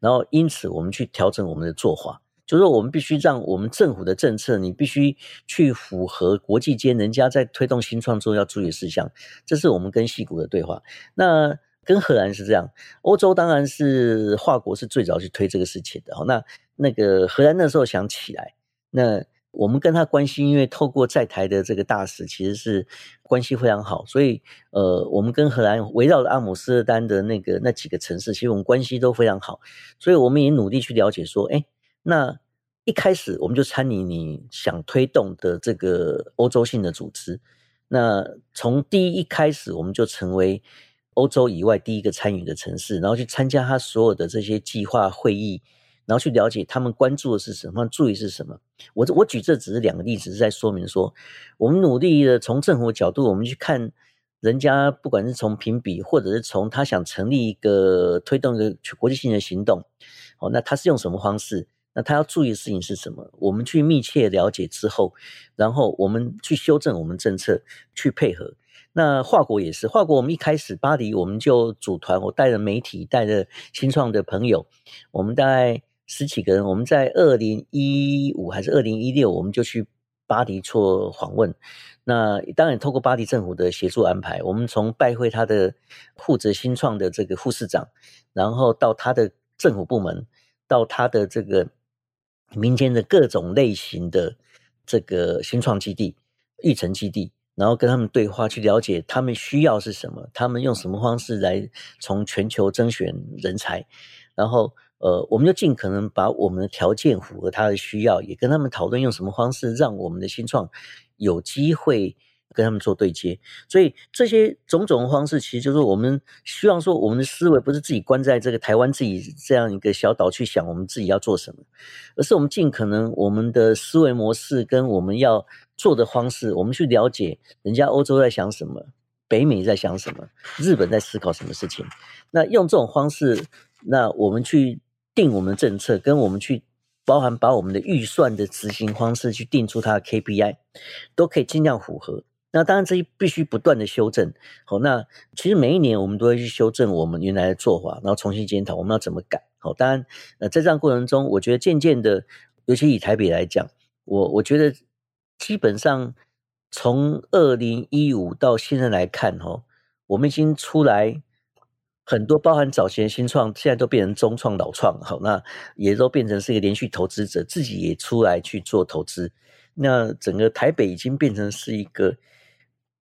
然後因此我們去調整我們的做法，就是說我們必須讓我們政府的政策，你必須去符合國際間人家在推動新創中要注意的事項。這是我們跟矽谷的對話。那跟荷蘭是這樣，歐洲當然是法國是最早去推這個事情的。好，那那個荷蘭那時候想起來，那。我們跟他關係，因為透過在台的這個大使，其實是關係非常好。所以，呃，我們跟荷蘭圍繞了阿姆斯特丹的那個那幾個城市，其實我們關係都非常好。所以，我們也努力去了解說，誒那一開始我們就參與你想推動的這個歐洲性的組織。那從第一一開始，我們就成為歐洲以外第一個參與的城市，然後去參加他所有的這些計劃會議。然後去了解他們關注的是什麼，注意是什麼。我我舉這只是兩個例子，是在說明說，我們努力的從政府的角度，我們去看人家，不管是從評比，或者是從他想成立一個、推動一個國際性的行動，哦，那他是用什麼方式？那他要注意的事情是什麼？我們去密切了解之後，然後我們去修正我們政策，去配合。那華國也是，華國，我們一開始巴黎，我們就組團，我帶着媒體，帶着新創的朋友，我們大概。十幾個人，我們在二零一五還是二零一六，我們就去巴黎做訪問。那當然，也透過巴黎政府的協助安排，我們從拜會他的負責新創的這個副市長，然後到他的政府部門，到他的這個民間的各種類型的這個新創基地、育成基地，然後跟他們對話，去了解他們需要是什麼，他們用什麼方式來從全球甄選人才，然後。呃，我們就盡可能把我們的條件符合他的需要，也跟他們討論用什麼方式，讓我們的新創有機會跟他們做對接。所以這些種種方式，其實就是我們希望說，我們的思維不是自己關在這個台灣自己這樣一個小島去想我們自己要做什麼，而是我們盡可能我們的思維模式跟我們要做的方式，我們去了解人家歐洲在想什麼，北美在想什麼，日本在思考什麼事情。那用這種方式，那我們去。定我們政策，跟我們去包含把我們的預算的執行方式去定出它的 KPI，都可以盡量符合。那當然，這些必須不斷的修正。好、哦，那其實每一年我們都會去修正我們原來的做法，然後重新檢討我們要怎麼改。好、哦，當然，呃，在這樣過程中，我覺得漸漸的，尤其以台北來講，我我覺得基本上從二零一五到現在來看，哈、哦，我們已經出來。很多包含早期的新創，現在都變成中創老創，好，那也都變成是一個連續投資者，自己也出來去做投資。那整個台北已經變成是一個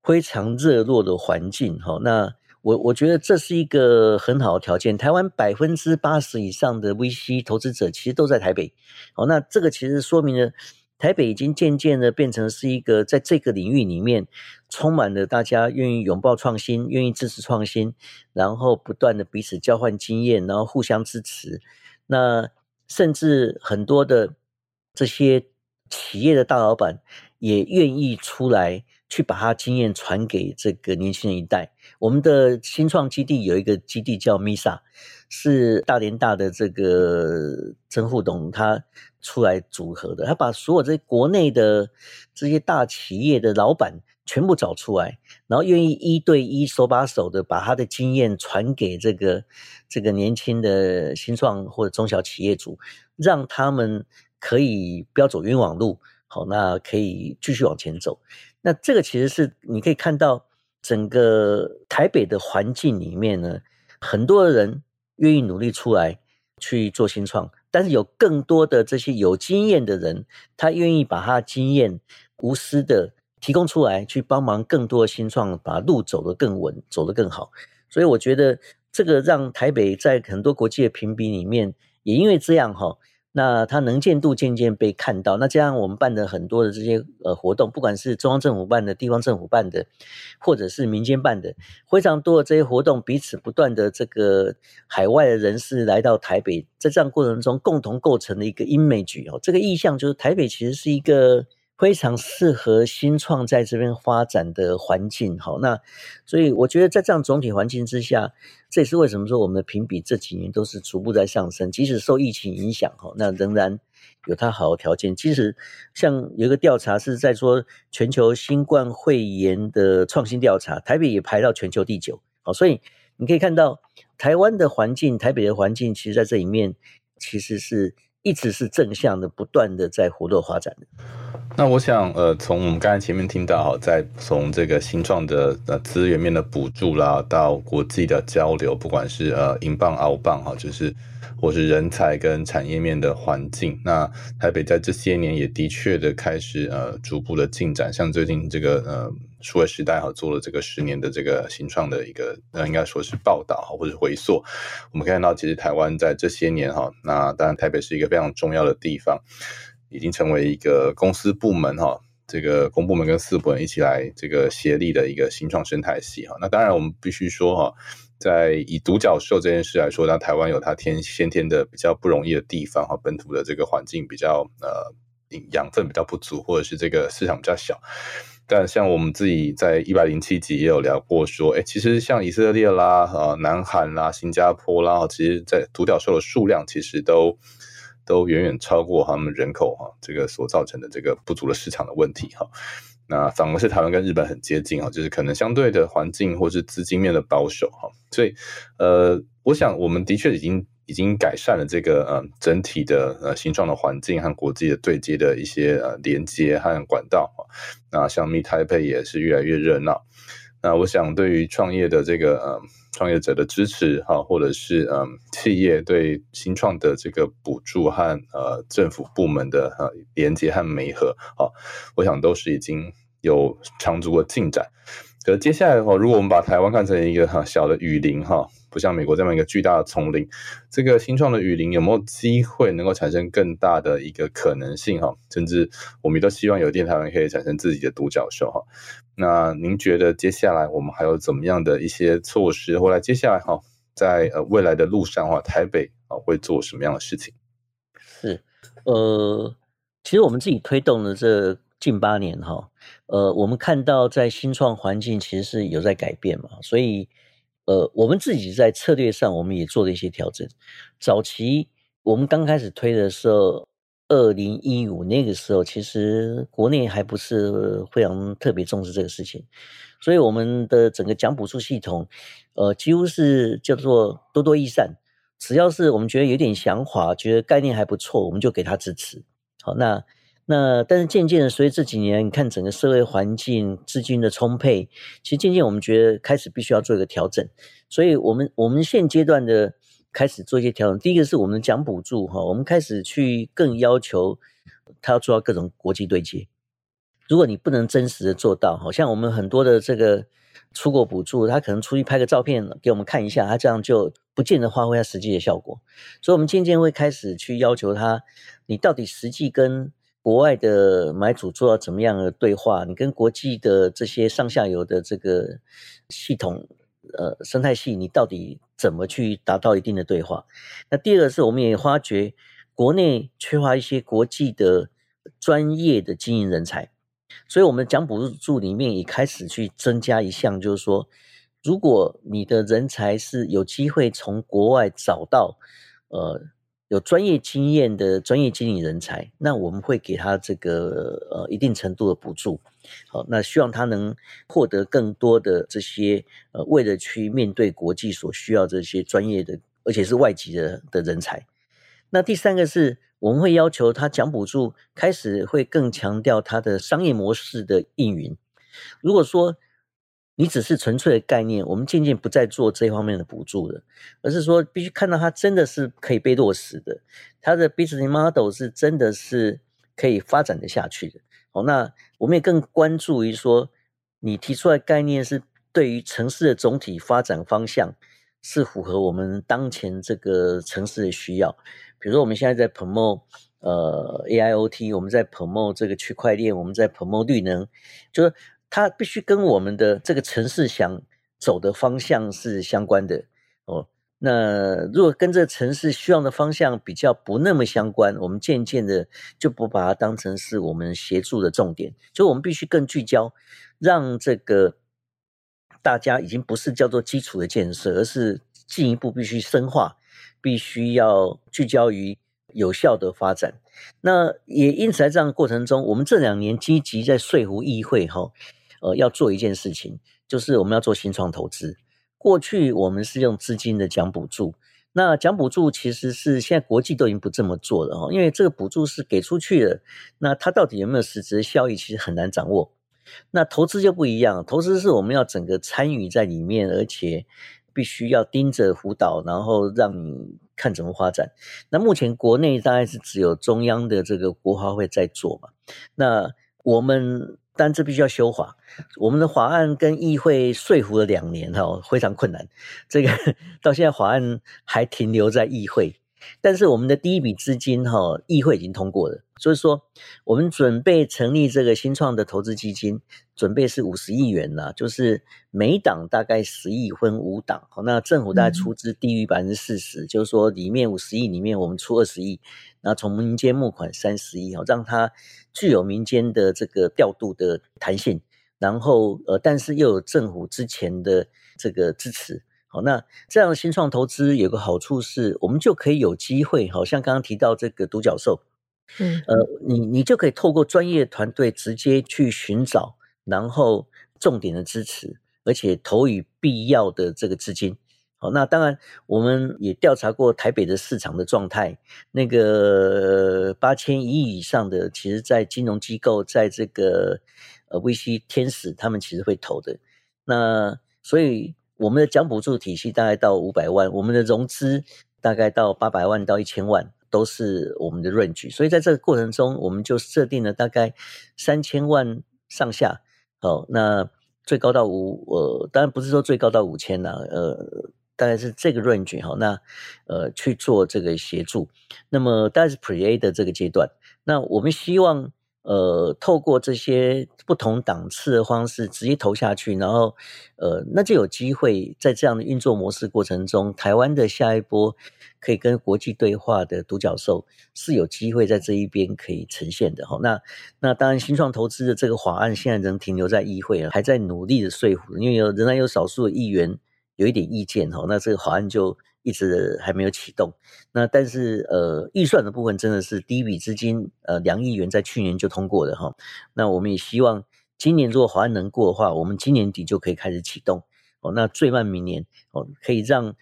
非常熱絡的環境，好。那我我覺得這是一個很好的條件。臺灣百分之八十以上的 VC 投資者其實都在台北，哦，那這個其實說明了。台北已經漸漸的變成是一個，在這個領域裡面，充滿了大家願意擁抱創新，願意支持創新，然後不斷的彼此交換經驗，然後互相支持。那甚至很多的這些企業的大老板也願意出來去把他經驗傳給這個年輕人一代。我們的新創基地有一個基地叫 MISA，是大連大的這個曾副董他出來組合的，他把所有這些國內的這些大企業的老闆全部找出來，然後願意一對一手把手的把他的經驗傳給這個這個年輕的新創或者，中小企業主，讓他們可以不要走冤枉路，好，那可以繼續往前走。那這個其實是你可以看到，整個台北的環境裡面呢，很多的人願意努力出來去做新創，但是有更多的這些有經驗的人，他願意把他的經驗無私的提供出來，去幫忙更多的新創，把路走得更穩，走得更好。所以我覺得這個讓台北在很多國際的評比裡面，也因為這樣哈、哦。那它能見度漸漸被看到，那這樣我們辦的很多的這些呃活動，不管是中央政府辦的、地方政府辦的，或者是民間辦的，非常多的這些活動，彼此不斷的這個海外的人士來到台北，在這樣過程中共同構成了一個 image 哦，這個意象就是台北其實是一個。非常適合新創在這邊發展的環境。好，那所以我覺得在這樣總體環境之下，這也是為什麼說我們的評比這幾年都是逐步在上升，即使受疫情影響，哈，那仍然有它好，好的條件。即使像有一個調查是在說全球新冠肺炎的創新調查，台北也排到全球第九。好，所以你可以看到台灣的環境，台北的環境，其實在這裡面其實是。一直是正向的，不斷的在活躍發展的。那我想，呃，從我們剛才前面聽到哈，在從這個新創的呃資源面的補助啦，到國際的交流，不管是呃 inbound、outbound 哈，就是。或是人才跟產業面的環境，那台北在這些年也的確的開始呃逐步的進展，像最近這個呃，數位時代哈做了這個十年的這個新創的一個呃，應該說是報道或者回溯，我們可以看到，其實台灣在這些年哈、哦，那當然台北是一個非常重要的地方，已經成為一個公司部門哈、哦，這個公部門跟私部門一起來這個協力的一個新創生態系哈、哦，那當然我們必須說哈。哦在以獨角獸這件事來說，那台灣有它天先天的比較不容易的地方哈，本土的這個環境比較呃養分比較不足，或者是這個市場比較小。但像我們自己在一百零七集也有聊過說誒，其實像以色列啦、南韓啦、新加坡啦，其實在獨角獸的數量其實都都遠遠超過他們人口哈，這個所造成的這個不足的市場的問題哈。那反而是台灣跟日本很接近啊，就是可能相對的環境或是資金面的保守哈，所以呃，我想我們的確已經已經改善了這個呃整體的呃形狀的環境和國際的對接的一些呃連接和管道，那像 Meet Taipei 也是越來越熱鬧。那我想，對於創業的這個呃創業者的支持哈，或者是呃企業對新創的這個補助和呃政府部門的呃連接和媒合啊、哦，我想都是已經有長足的進展。可是接下來的話，如果我們把台灣看成一個、啊、小的雨林哈、哦，不像美國這麼一個巨大的叢林，這個新創的雨林有沒有機會能夠產生更大的一個可能性哈、哦？甚至我們都希望有天臺灣可以產生自己的獨角獸哈。哦那您覺得接下來我們還有怎麼樣的一些措施？或者接下來哈，在呃未來的路上的話，台北啊會做什麼樣的事情？是，呃，其實我們自己推動的這近八年哈，呃，我們看到在新創環境其實是有在改變嘛，所以呃，我們自己在策略上我們也做了一些調整。早期我們剛開始推的時候。二零一五那個時候，其實國內還不是非常特別重視這個事情，所以我們的整個獎補助系統，呃，幾乎是叫做多多益善。只要是我們覺得有點想法，覺得概念還不錯，我們就給他支持。好，那那但是漸漸的，所以這幾年，你看整個社會環境、資金的充沛，其實漸漸我們覺得開始必須要做一個調整。所以，我們我們現階段的。開始做一些調整。第一個是我們的獎補助哈，我們開始去更要求他要做到各種國際對接。如果你不能真實的做到，好像我們很多的這個出國補助，他可能出去拍個照片給我們看一下，他這樣就不見得發揮他實際的效果。所以，我們漸漸會開始去要求他：你到底實際跟國外的買主做到怎麼樣的對話？你跟國際的這些上下游的這個系統。呃，生態系你到底怎麼去達到一定的對話？那第二是，我們也發覺國內缺乏一些國際的專業的經營人才，所以我們的獎補助裡面也開始去增加一項，就是說，如果你的人才是有機會從國外找到，呃。有專業經驗的專業經理人才，那我們會給他這個呃一定程度的補助。好，那希望他能獲得更多的這些呃，為了去面對國際所需要這些專業的，而且是外籍的的人才。那第三個是，我們會要求他獎補助，開始會更強調他的商業模式的營運。如果說，你只是純粹的概念，我們漸漸不再做這方面的補助了，而是說必須看到它真的是可以被落實的，它的 business model 是真的是可以發展得下去的。好，那我們也更關注於說，你提出來的概念是對於城市的總體發展方向，是符合我們當前這個城市的需要。比如說我們現在在 promote，呃，AIOT，我們在 promote 這個區塊鏈，我們在 promote 綠能，就是。它必須跟我們的這個城市想走的方向是相關的哦。那如果跟這個城市需要的方向比較不那麼相關，我們漸漸的就不把它當成是我們協助的重點。所以我們必須更聚焦，讓這個大家已經不是叫做基礎的建設，而是進一步必須深化，必須要聚焦於有效的發展。那也因此在這樣的過程中，我們這兩年積極在說服議會哈、哦。呃，要做一件事情，就是我們要做新創投資。過去我們是用資金的獎補助，那獎補助其實是現在國際都已經不這麼做了哦，因為這個補助是給出去了，那它到底有沒有實質的效益，其實很難掌握。那投資就不一樣，投資是我們要整個參與在裡面，而且必須要盯着輔導，然後讓你看怎麼發展。那目前國內大概是只有中央的這個國發會在做嘛？那我們單這必須要修法，我們的法案跟議會說服了兩年哈，非常困難，這個到現在法案還停留在議會。但是我們的第一筆資金哈，議會已經通過了，所以說我們準備成立這個新創的投資基金，準備是五十億元吶，就是每檔大概十億分五檔，那政府大概出資低於百分之四十，嗯、就是說，裡面五十億裡面我們出二十億，然後從民間募款三十億啊，讓它具有民間的這個調度的彈性，然後呃，但是又有政府之前的這個支持。好，那這樣的新創投資有個好處是我們就可以有機會，好像剛剛提到這個獨角獸，嗯，呃，你你就可以透過專業團隊直接去尋找，然後重點的支持，而且投予必要的這個資金。好，那當然我們也調查過台北的市場的狀態，那個八千億以上的，其實在金融機構在這個呃 VC 天使，他們其實會投的。那所以。我們的獎補助體系大概到五百萬，我們的融資大概到八百萬到一千萬都是我們的 range，所以在這個過程中，我們就設定了大概三千萬上下。好、哦，那最高到五呃，當然不是說最高到五千吶，呃，大概是這個 range 哈、哦。那呃去做這個協助，那麼大概是 pre A 的這個階段，那我們希望。呃，透過這些不同檔次的方式直接投下去，然後，呃，那就有機會在這樣的運作模式過程中，台灣的下一波可以跟國際對話的獨角獸是有機會在這一邊可以呈現的哈、哦。那那當然，新創投資的這個法案現在仍停留在議會，還在努力的說服，因為有仍然有少數的議員有一點意見哈、哦。那這個法案就。一直還沒有啟動，那但是呃，預算的部分真的是第一筆資金，呃，兩億元在去年就通過的哈、哦。那我們也希望今年如果法案能過的話，我們今年底就可以開始啟動哦。那最慢明年哦，可以讓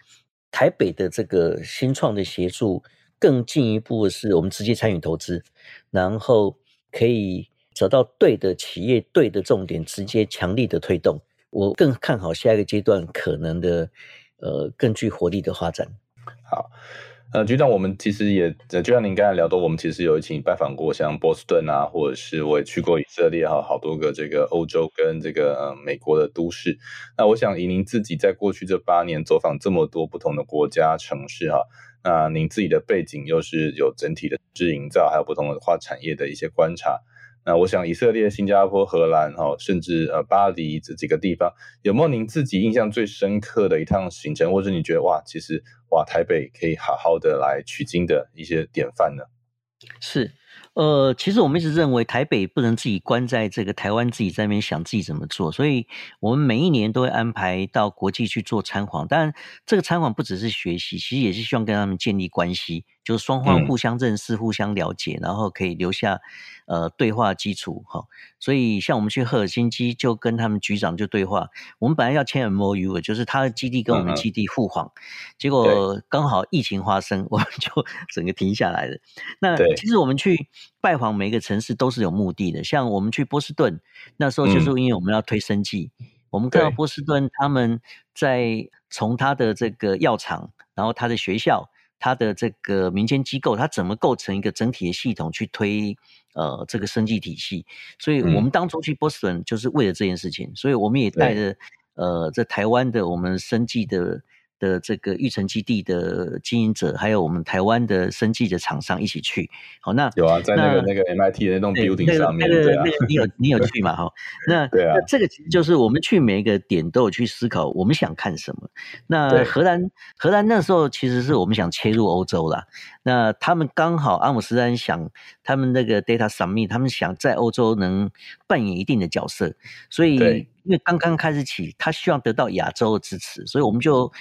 台北的這個新創的協助更進一步的是，我們直接參與投資，然後可以找到對的企業、對的重點，直接強力的推動。我更看好下一個階段可能的。呃，更具活力的發展。好，呃，局長，我們其實也就像您剛才聊的，我們其實有一起拜訪過像波士頓啊，或者是我也去過以色列哈，好多個這個歐洲跟這個呃美國的都市。那我想以您自己在過去這八年走訪這麼多不同的國家城市哈，那您自己的背景又是有整體的自營造，還有不同的文化產業的一些觀察。那我想，以色列、新加坡、荷蘭，哈，甚至呃巴黎這幾個地方，有沒有您自己印象最深刻的一趟行程，或者你覺得哇，其實哇，台北可以好好的來取經的一些典範呢？是，呃，其實我們一直認為台北不能自己關在這個台灣自己在那邊想自己怎麼做，所以我們每一年都會安排到國際去做參訪。當然，這個參訪不只是學習，其實也是希望跟他們建立關係。就是雙方互相認識、嗯、互相了解，然後可以留下呃對話基礎哈。所以像我們去赫爾辛基，就跟他們局長就對話。我們本來要簽 MOU，我就是他的基地跟我們基地互訪，嗯嗯，結果剛好疫情發生，我們就整個停下來了。對那其實我們去拜訪每個城市都是有目的的，像我們去波士頓那時候就是因為我們要推生技。嗯、我們看到波士頓對他們在從他的這個藥廠，然後他的學校。它的這個民間機構，它怎麼構成一個整體的系統去推呃這個生技體系？所以我們當初去波士頓就是為了這件事情，嗯、所以我們也帶着、嗯、呃在台灣的我們生技的。的這個育成基地的經營者，還有我們台灣的生技的廠商一起去。好，那有啊，在那個那個 MIT 的那棟 building 上面，對啊，你有你有去嗎哈， 那對啊，這個其實就是我們去每一個點都有去思考，我們想看什麼。那荷蘭對荷蘭那時候其實是我們想切入歐洲啦。那他們剛好阿姆斯丹想他們那個 data summit 他們想在歐洲能扮演一定的角色，所以因為剛剛開始起，他希望得到亞洲的支持，所以我們就。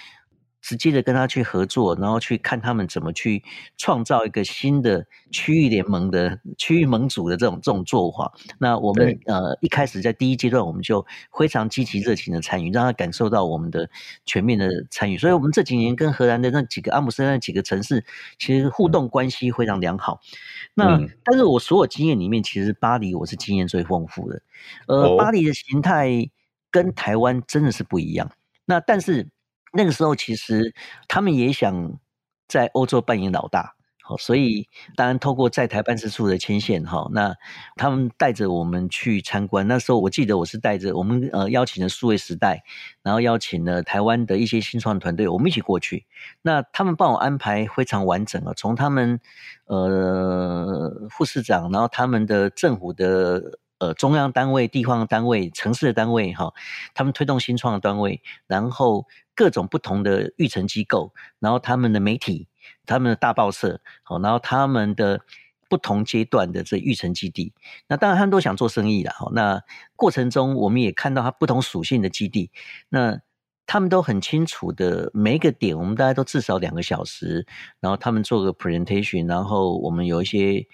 直接的跟他去合作，然後去看他們怎麼去創造一個新的區域聯盟的區域盟主的這種這種做法。那我們對呃一開始在第一階段，我們就非常積極熱情的參與，讓他感受到我們的全面的參與。所以，我們這幾年跟荷蘭的那幾個阿姆斯特丹那幾個城市，其實互動關係非常良好。嗯、那但是我所有經驗裡面，其實巴黎我是經驗最豐富的。呃，哦、巴黎的形態跟台灣真的是不一樣。那但是。那個時候其實他們也想在歐洲扮演老大，好，所以當然透過在台辦事處的牽線哈，那他們帶着我們去參觀。那時候我記得我是帶着我們呃邀請了數位時代，然後邀請了台灣的一些新創團隊，我們一起過去。那他們幫我安排非常完整啊，從他們呃副市長，然後他們的政府的。呃，中央單位、地方單位、城市的單位，哈、哦，他們推動新創的單位，然後各種不同的育成機構，然後他們的媒體、他們的大報社，好、哦，然後他們的不同階段的這育成基地，那當然他們都想做生意啦。哦、那過程中，我們也看到它不同屬性的基地，那他們都很清楚的每一個點，我們大概都至少兩個小時，然後他們做個 presentation，然後我們有一些。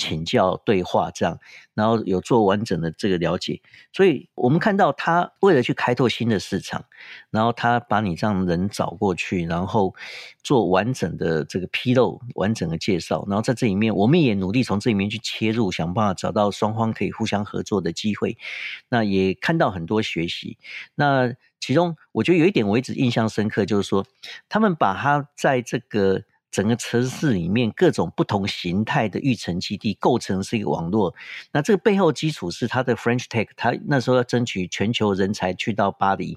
請教對話這樣，然後有做完整的這個了解，所以我們看到他為了去開拓新的市場，然後他把你這樣的人找過去，然後做完整的這個披露，完整的介紹，然後在這裡面，我們也努力從這裡面去切入，想辦法找到雙方可以互相合作的機會。那也看到很多學習，那其中我覺得有一點我一直印象深刻，就是說他們把他在這個。整個城市裡面各種不同形態的育成基地構成是一個網絡，那這個背後基礎是它的 French Tech，它那時候要爭取全球人才去到巴黎，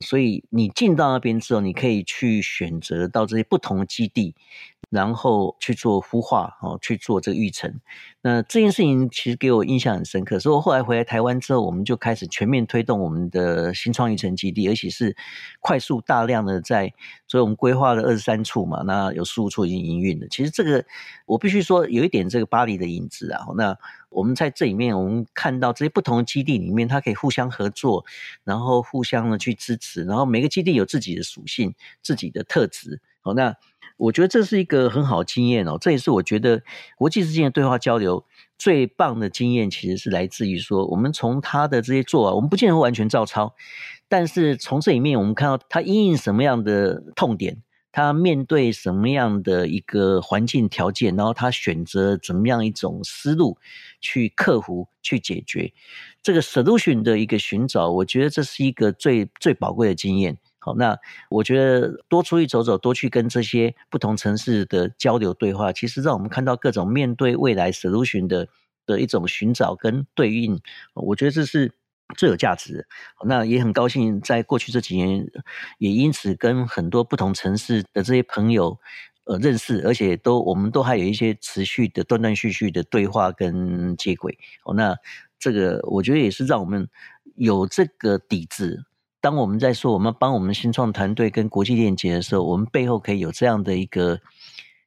所以你進到那邊之後，你可以去選擇到這些不同的基地。然後去做孵化，去做這個育成。那這件事情其實給我印象很深刻，所以我後來回來台灣之後，我們就開始全面推動我們的新創育成基地，而且是快速大量的在，所以我們規劃了二十三處嘛，那有十五處已經營運了。其實這個我必須說有一點這個巴黎的影子啊。那我們在這裡面，我們看到這些不同的基地裡面，它可以互相合作，然後互相的去支持，然後每個基地有自己的屬性、自己的特質。好，那。我覺得這是一個很好經驗哦，這也是我覺得國際之間的對話交流最棒的經驗，其實是來自於說，我們從他的這些做啊，我們不見得會完全照抄，但是從這裡面我們看到他因應什麼樣的痛點，他面對什麼樣的一個環境條件，然後他選擇怎麼樣一種思路去克服、去解決這個 solution 的一個尋找，我覺得這是一個最最寶貴的經驗。那我覺得多出去走走，多去跟這些不同城市的交流對話，其實讓我們看到各種面對未來 solution 的的一種尋找跟對應。我覺得這是最有價值的，那也很高興，在過去這幾年，也因此跟很多不同城市的這些朋友呃認識，而且都我們都還有一些持續的斷斷續續的對話跟接軌。哦，那這個我覺得也是讓我們有這個底子。當我們在說我們幫我們新創團隊跟國際鏈接的時候，我們背後可以有這樣的一個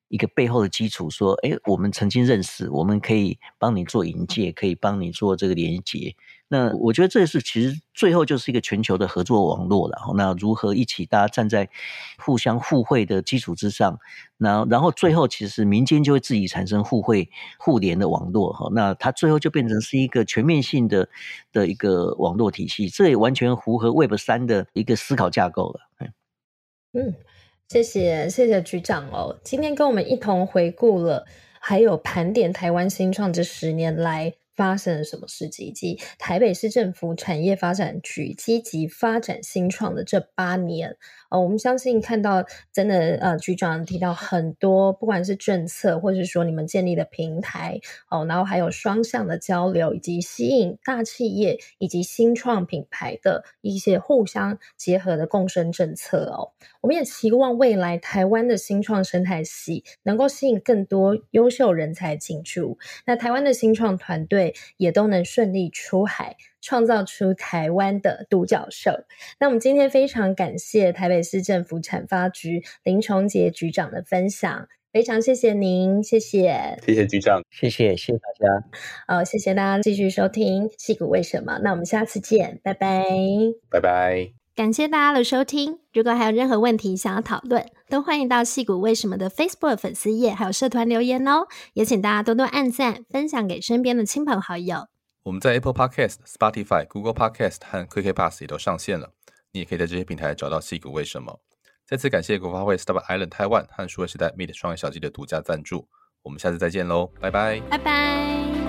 一個背後的基礎，說：誒，我們曾經認識，我們可以幫你做引介，可以幫你做這個連接。那我覺得這是其實最後就是一個全球的合作網絡了。那如何一起大家站在互相互惠的基礎之上，那然後最後其實民間就會自己產生互惠互聯的網絡哈。那它最後就變成是一個全面性的的一個網絡體系，這也完全符合 Web 3的一個思考架構了。嗯，謝謝謝謝局長哦，今天跟我們一同回顧了，還有盤點台灣新創這十年來。發生了什麼事情？以及臺北市政府產業發展局積極發展新創的這八年，呃、哦，我們相信看到真的，呃，局長提到很多，不管是政策，或是說你們建立的平台，哦，然後還有雙向的交流，以及吸引大企業以及新創品牌的一些互相結合的共生政策，哦，我們也期望未來臺灣的新創生態系能夠吸引更多優秀人才進駐。那臺灣的新創團隊。也都能順利出海，創造出台灣的獨角獸。那我們今天非常感謝台北市政府產發局林崇傑局長的分享，非常謝謝您，謝謝，謝謝局長，謝謝，謝謝大家。好，謝謝大家，繼續收聽《矽谷為什麼》。那我們下次見，拜拜，拜拜。感謝大家的收聽。如果還有任何問題想要討論，都歡迎到《矽谷為什麼》的 Facebook 粉絲頁還有社團留言哦。也請大家多多按讚，分享給身邊的親朋好友。我們在 Apple Podcast、Spotify、Google Podcast 和 KK Pass 也都上線了，你也可以在這些平台找到《矽谷為什麼》。再次感謝國發會 Startup Island TAIWAN 和數位時代 Meet 創業小聚的獨家贊助。我們下次再見嘍，拜拜，拜拜。